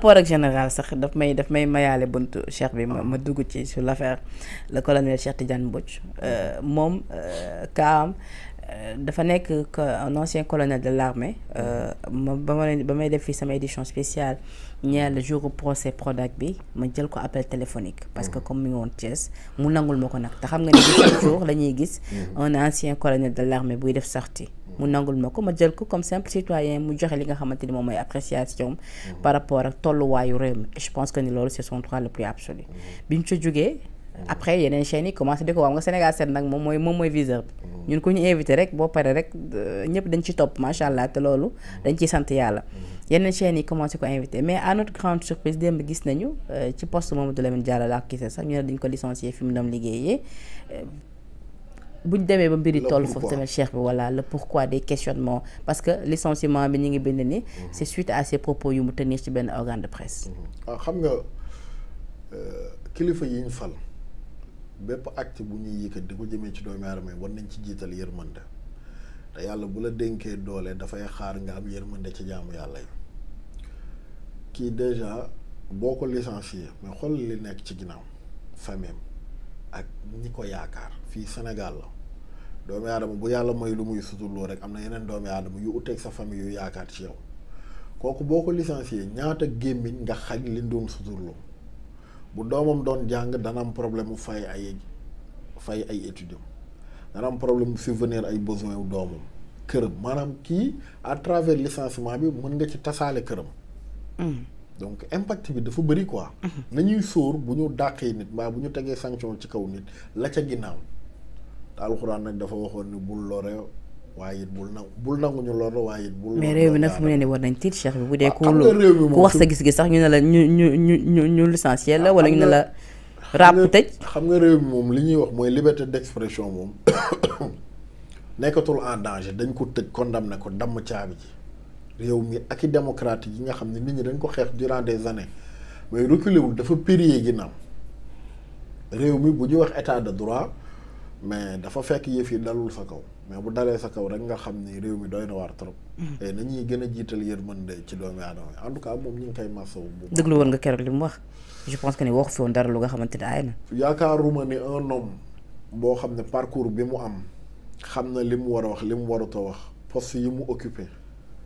rapport ak général sax daf may daf may mayaale buntu cheikh bi ma ma dugg ci sur l'affaire le colonel Cheikh Tidiane Mbodj euh, moom euh, kaam euh, dafa nekk un ancien colonel de l'armée ma ba ma ba may def fii sama édition spéciale ñeel le jour procès Prodac bi ma jël ko appel téléphonique parce que mmh. comme mi ngi woon Thiès mu nangul ma ko nag te xam nga ni jour la ñuy gis mmh. un ancien colonel de l'armée buy def sortie mu nangul ma ko ma jël ko comme simple citoyen mu joxe li nga xamante ni moom mooy appréciation par rapport ak tolluwaayu réew mi je pense que ni loolu c'est son droit le plus absolu bi mu ci jógee après yeneen chaînes yi commencé di ko waaw nga Sénégal seet nag moom mooy moom mooy viseur bi ñun ku ñu invité rek boo paree rek euh, ñëpp dañ ci topp macha allah te loolu dañ ciy sant yàlla yeneen chaînes yi commencé ko invité mais à notre grande surprise démb gis nañu euh, ci poste Mamadou Lamine Diallo laa ko gisee ne dañ buñ demee ba mbiri toll foofu tamit cheikh bi voilà le pourquoi des questionnements parce que licenciement bi ñu ngi bind ni mhm. c'est suite à ces propos yu mu tenir ci benn organe de presse mhm. ah, xam nga euh, kilifa yi ñu fal bépp acte bu ñuy yëkkat di ko jëmee ci doomi aadama war nañ ci jiital yërmande te yàlla bu la dénkee doole dafay xaar nga am yërmande ci jaamu yàlla yi kii déjà boo ko licencié mais xool li nekk ci ginnaaw famille ak ñi ko yaakaar fii Sénégal la doomi aadama bu yàlla may lu muy suturloo rek am na yeneen doomi aadama yu uteeg sa famille yu yaakaar ci yow kooku boo ko licencié ñaata gémmiñ nga xaj li doon suturloo bu doomam doon jàng dana am problème mu fay ay fay ay étudiants dana problème mu subvenir ay besoin wu doomam këram maanaam kii à travers licenciement bi mën nga ci tasaale këram. Mm. donc impact bi dafa bëri quoi. Mm-hmm. nañuy sóor bu ñu dàqee nit mbaa bu ñu tegee sanction ci kaw nit la ca ginnaaw. te alxuraan nag dafa waxoon ni bul lore waaye it bul nangu bul nangu ñu lor waaye it bul. mais réew mi nag fu mu ne nii war nañ tiit cheikh bi bu dee. ku ku wax sa gis-gis sax ñu ne la ñu ñu ñu ñu ñu licenciel la wala ñu ne la. ràpp tëj xam nga réew mi moom li ñuy wax mooy liberté d'expression moom nekkatul en danger dañ ko tëj condamné ko damm caabi ji réew mi ak i démocrate yi nga xam ne nit ñi dañ ko xeex durant des années mais reculé wul dafa périllé ginnaaw réew mi bu ñuy wax état de droit. mais dafa fekk yëf fii dalul sa kaw mais bu dalee sa kaw rek nga xam ni réew mi dooy na waar trop. Mhm. et nañuy gën a jiital yërmande ci doomi aadama en tout cas moom ñu ngi koy masawu. bu déglu woon nga keroog li mu wax je pense que lu nga xamante ne aay na. yaakaaruma ni un homme boo xam ne parcours bi mu am xam na li mu war a wax li mu warut a wax poste yi mu occupé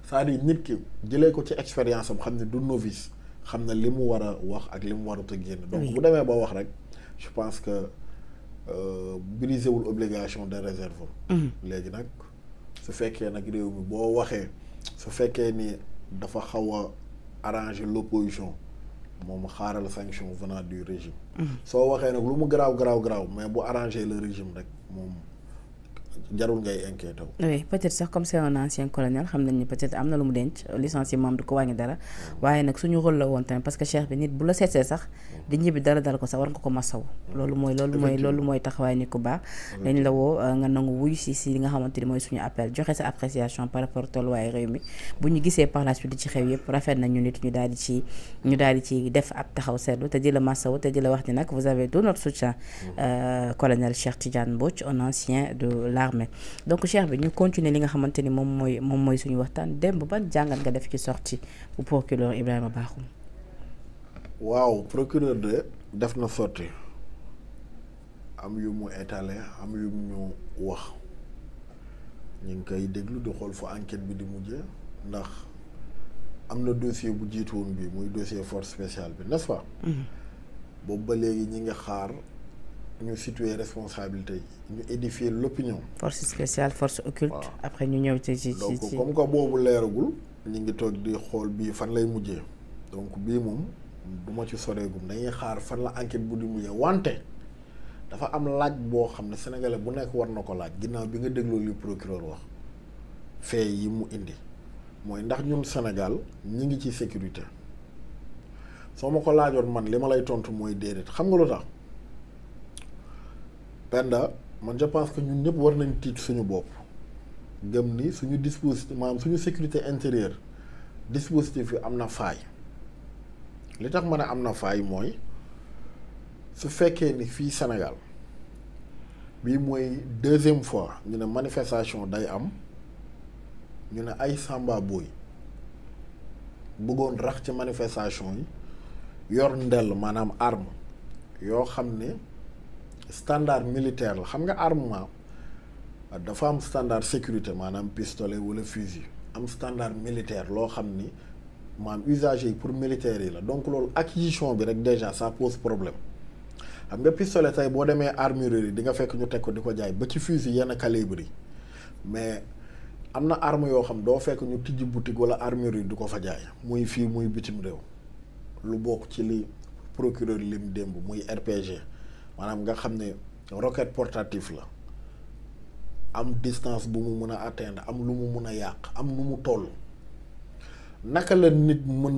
cest di dire nit ki jëlee ko ci expérience am xam ne du novice xam na li mu war a wax ak li mu warut a génn. donc bu demee ba wax rek je pense que. Euh, brisé wul obligation de réserve. Mhm. léegi nag su fekkee nag réew mi boo waxee su fekkee ni dafa xaw a arranger l'opposition moom xaaral sanction venant du régime. Mhm. soo waxee nag lu mu garaaw garaaw garaaw mais bu arranger la régime rek moom. jarul ngay inquiété wu. oui peut-être sax comme c'est un ancien colonel xam nañ hmm. parce que cheikh bi nit bu la seetsee sax hmm. di ñibbi dara dal ko sax war nga ko masaw hmm. loolu mooy loolu mooy loolu mooy taxawaay ku baax euh, nga nangu wuy si si nga xamante ni mooy suñu appel joxe sa appréciation par rapport tolluwaayu réew mi bu ñu gisee par la suite ci xew yëpp rafet na nit ñu daal ci def ab taxaw seetlu te di la masaw te di la wax ni nag vous avez tout notre soutien euh, colonel l'armée donc cheikh bi ñu continuer li nga xamante ni moom mooy moom mooy suñu waxtaan démb ban jàngat nga def ci sortie bu procureur Ibrahima Bakhoum waaw procureur de def na sortie am yu mu étalé am yu mu wax ñu ngi koy déglu du xool fu enquête bi di mujje ndax am na dossier bu jiituwoon bi muy dossier force spéciale bi n'est-ce pas mhm. ba léegi ñi ngi xaar ñu situer responsabilité yi ñu édifier l'opinion force spéciale force occulte après ñu ñëw ci ci donc comme que boobu leeragul ñu ngi toog di xool bii fan lay mujjee donc bii moom du ma ci soreegum dañuy xaar fan la enquête bu di mujjee wante dafa am laaj boo xam ne sénégalais bu nekk war na ko laaj ginnaaw bi nga dégloo li procureur wax fee yi mu indi mooy ndax ñun Sénégal ñu ngi ci sécurité soo ma ko laajoon man li ma lay tontu mooy déedéet xam nga lu Penda man je pense que ñun ñëpp war nañ tiit suñu bopp gëm ni suñu dispositif maanaam suñu sécurité intérieure dispositif yi am na faay li tax ma ne am na faay mooy su fekkee ni fii Sénégal bii mooy deuxième fois ñu ne manifestation day am ñu ne ay Samba booy bëggoon rax ci manifestation yi yor ndell maanaam arme yoo xam ne. standard militaire la xam nga armement dafa am standard sécurité maanaam pistolet wala fusil am standard militaire loo xam ni maanaam usagers yi pour militaires yi la donc loolu acquisition bi rek déjà ça pose problème xam nga pistolet tey boo demee armurerie yi di nga fekk ñu teg ko di ko jaay ba ci fusil yenn calibre yi mais am na arme yoo xam doo fekk ñu tijji boutique wala armurerie yi di ko fa jaay muy fii muy bitim réew lu bokk ci li procureur lim démb muy RPG. maanaam nga xam ne roquette portatif la am distance bu mu mun a atteindre am lu mu mun a yàq am lu mu toll naka la nit mën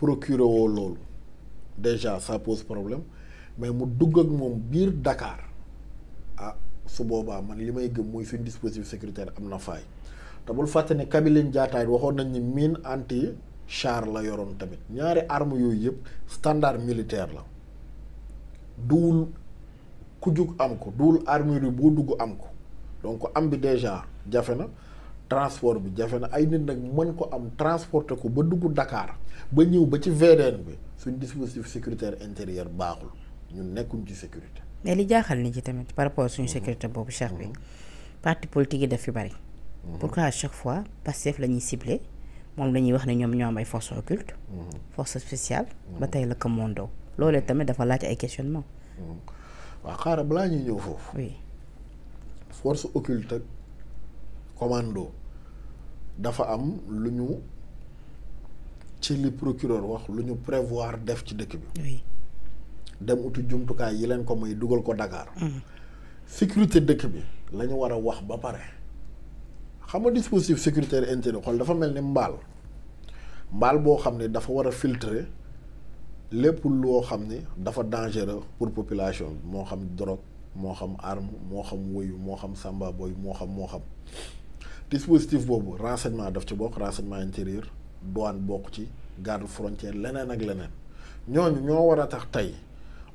procurer woo loolu déjà ça pose problème mais mu dugg ak moom biir dakaar ah su boobaa man li may gëm muy suñu dispositif sécuritaire am na faay te bul fàtte ni Kabiline Diatta waxoon nañ ni mine anti char la yoroon tamit ñaari arme yooyu yëpp standard militaire la. duwul ku jug am ko duwul armure yi boo dugg am ko donc am bi déjà jafe na transport bi jafe na ay nit nag mën ko am transporter ko ba dugg dakaar ba ñëw ba ci VDN bi suñ dispositif sécuritaire intérieur baaxul ñun nekkuñ ci sécurité. mais li jaaxal nit ci tamit par rapport suñu mm-hmm. sécurité boobu Cheikh bi mm-hmm. parti politique yi daf fi bari. Mm-hmm. pour à chaque fois Pastef la ñuy ciblé moom la ñuy wax ne ñoom ñoo am ay forces occultes. force spéciale. ba tey la ko mondoo loolee tamit dafa laaj ay questionnement hmm. waaw xaaral balaa ñuy ñëw foofu. oui force occulte ak commando dafa am lu ñu ci li procureur wax lu ñu prévoir def ci dëkk bi. oui dem uti jumtukaay yi leen ko may dugal ko Dakar. Hmm. sécurité dëkk bi la ñu war a wax ba pare. xam nga dispositif sécuritaire intérieur dafa mel ni mbaal mbaal boo xam ne dafa war a filtrer. lépp loo xam ne dafa dangereux pour population moo xam drogue moo xam arme moo xam woyu moo xam samba boy moo xam moo xam dispositif boobu renseignement def ci bokk renseignement intérieur douane bokk ci garde frontière leneen ak leneen ñooñu ñoo war a tax tey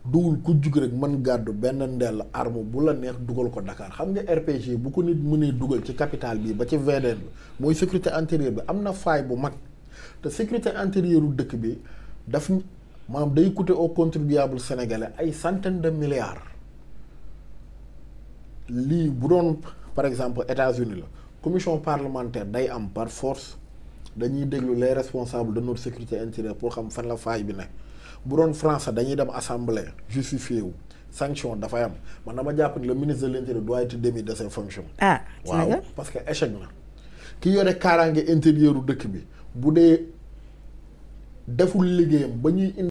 duwul ku jug rek mën gàddu benn ndell arme bu la neex dugal ko Dakar xam nga RPG bu ko nit mënee dugal ci capitale bi ba ci VDN bi mooy sécurité intérieure bi am na faay bu mag te sécurité intérieure dëkk bi daf maanaam day coûter au contribuable sénégalais ay centaines de milliards lii bu doon par exemple États-Unis la commission parlementaire day am par force dañuy déglu les responsables de notre sécurité intérieure pour xam fan la faay bi ne bu doon France dañuy dem assemblée justifié wu sanction dafay am man dama jàpp ni le ministre de l'intérieur doit être démis de ses fonctions. ah waaw parce que échec na. ki yore kaaraange intérieuru dëkk bi bu dee deful liggéeyam ba